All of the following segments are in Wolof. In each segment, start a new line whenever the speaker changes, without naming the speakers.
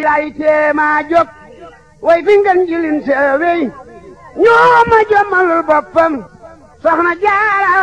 lay tee maa jóg way fi ngeen jilin seewey ñoo ma jommalul soxna jaara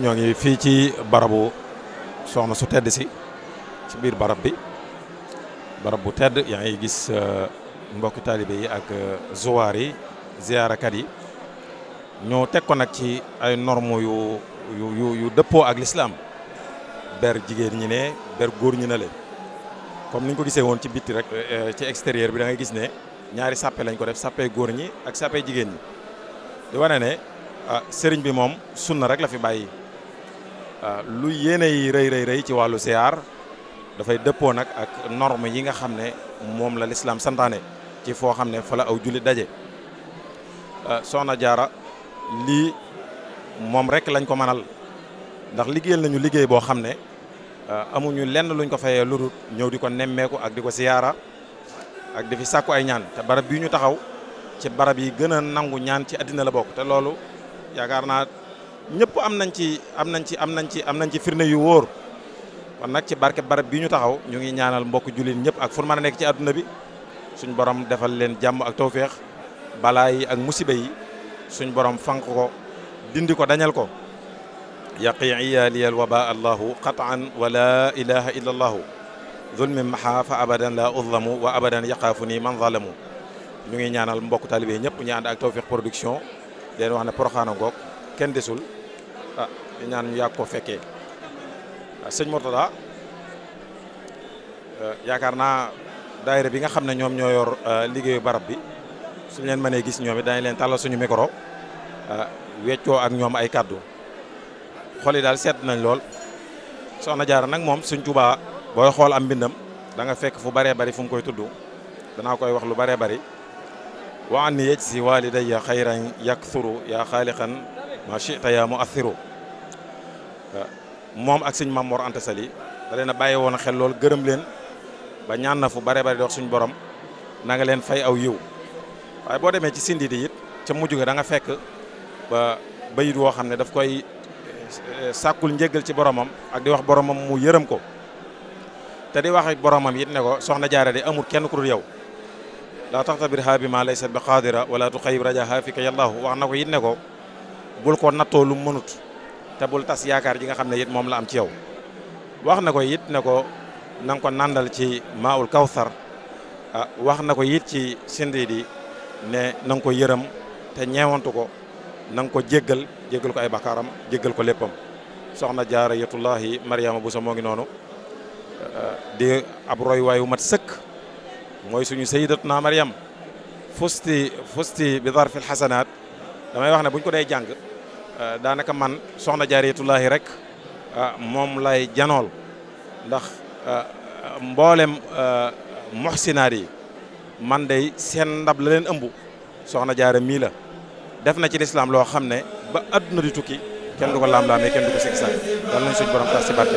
ñoo ngi fii ci barabu soxna su tedd si ci biir barab bi barab bu tedd yaa ngi gis euh, mbokki taalibe yi ak euh, zuwaar yi ziyaarakat yi ñoo teg ko nag ci ay normes yu yu yu dëppoo ak lislaam ber jigéen ñi ne ber góor ñi na leen comme ni ko gisee woon ci bitti rek euh, ci extérieur bi da ngay gis ne ñaari sàppe lañ ko def sàppe góor ñi ak sàppe jigéen ñi di wane ne ah, sëriñ bi moom sunna rek la fi bàyyi Euh, lu yéene yi rëy rëy rëy ci wàllu siyaar dafay dëppoo nag ak norme yi nga xam ne moom la lislaam santaane ci foo xam ne fa la aw julli daje euh, soxna jaara lii moom rek lañ ko mënal ndax liggéeyal nañu liggéey boo xam ne euh, amuñu lenn luñ ko fayee lu dul ñëw di ko nemmeeku ak di ko siyaara ak di fi sàkku ay ñaan te barab bii ñu taxaw ci barab yi gën a nangu ñaan ci àddina la bokk te loolu yaakaar naa ñépp am nañ ci am nañ ci am nañ ci am nañ ci firnde yu wóor kon nag ci barke barab bi ñu taxaw ñu ngi ñaanal mbokk jullit ñëpp ak fu mën nekk ci àdduna bi suñ borom defal leen jàmm ak tawféex balaa ak musiba yi suñ borom fanq ko dindi ko dañal ko yaqi iyaliyal waba allahu qataan wa la ilaha illa allahu zulmi maha fa abadan la uzlamu wa abadan yaqaafu nii man zalamu ñu ngi ñaanal mbokk taalibé ñëpp ñu ak tawféex production leen wax ne poroxaana ngoog kenn desul ah di ñaan ñu ko fekkee waaw ah, sëñ Mourtada ah, yaakaar naa daayira bi nga xam ne ñoom ñoo yor ah, liggéeyu barab bi suñ leen mënee gis ñoom it dañ leen tàllal suñu micro weccoo ak ñoom ay kàddu xol daal sedd nañ lool soxna Jaara nag moom suñ Tuubaa booy xool am mbindam danga fekk fu baree bari fu koy tudd danaa koy wax lu baree bari wa an yej si walidayya xayran yaksuru yaa xaaliqan ma chita yaa muassiru moom ak sëñ Maam Mor Anta Sali da leen a bàyyi woon xel lool gërëm leen ba ñaan na fu bare bare di wax suñu borom nanga leen fay aw yiw waaye boo demee ci sindi di ca mujj ga danga fekk ba bayit woo xam ne daf koy eh, sàkkul njéggal ci boromam ak di wax boromam mu yërëm ko te di wax ak boromam yit ne ko soxna jaara de amul kenn ku dul yow laa taxtabir haa bi ma laysat bi qaadira wala tuxayib rajaha fi ka yallaahu wax na ko it ne ko bul ko nattoo te tas yaakaar ji nga xam ne it moom la am ci yow wax na ko it ne ko na ko nandal ci maawul kawsar ah, wax na ko it ci sindiidi ne na nga ko yërëm te ñeewantu ko nang ko jéggal jéggal ko ay bakaaram jéggal ko léppam soxna jaara yetullahi mariama bu sa moo ngi noonu ah, di ab roy mat sëkk mooy suñu sayidatuna mariam fusti fusti bi darfil xasanaat damay wax ne buñ ko dee jàng Euh, daanaka man soxna jaariyatullaahi rek euh, moom lay janool ndax euh, mboolem moxsinaar yi man day seen ndab la leen ëmbu soxna jaara mii la def na ci lislaam loo xam ne ba àdduna di tukki kenn du ko laam-laamee kenn du ko sikki sax yàlla nañ borom tax si barke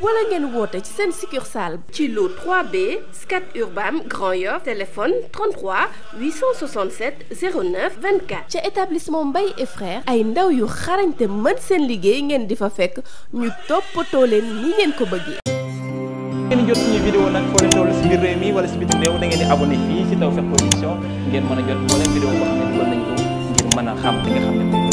wala ngeen woote ci seen succursale ci lu 3B Scat Urbam Grand Yoff téléphone 33 867 09 24 ca établissement Mbaye et frères ay ndaw yu xarañte mën seen liggéey ngeen di fa fekk ñu toppatoo leen ni ngeen ko bëggee
ngeen jot suñu vidéo nag foo leen toll si biir réew mi wala si biti réew da ngeen di abonné fii si Tawfekh ngeen mën jot moo leen vidéo xam ne nga xam